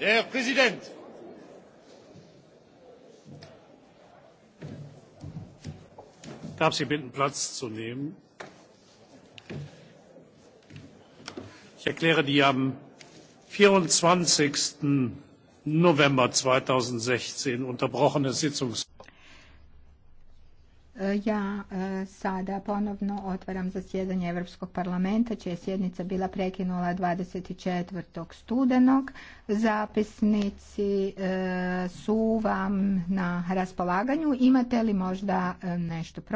Der Präsident! Darf Sie bitten, Platz zu nehmen? Ich erkläre die am 24. November 2016 unterbrochene Sitzungs ja e, sada ponovno otvaram zasjedanje Europskog parlamenta, čija je sjednica bila prekinula 24. studenog. Zapisnici e, su vam na raspolaganju. Imate li možda e, nešto protiv?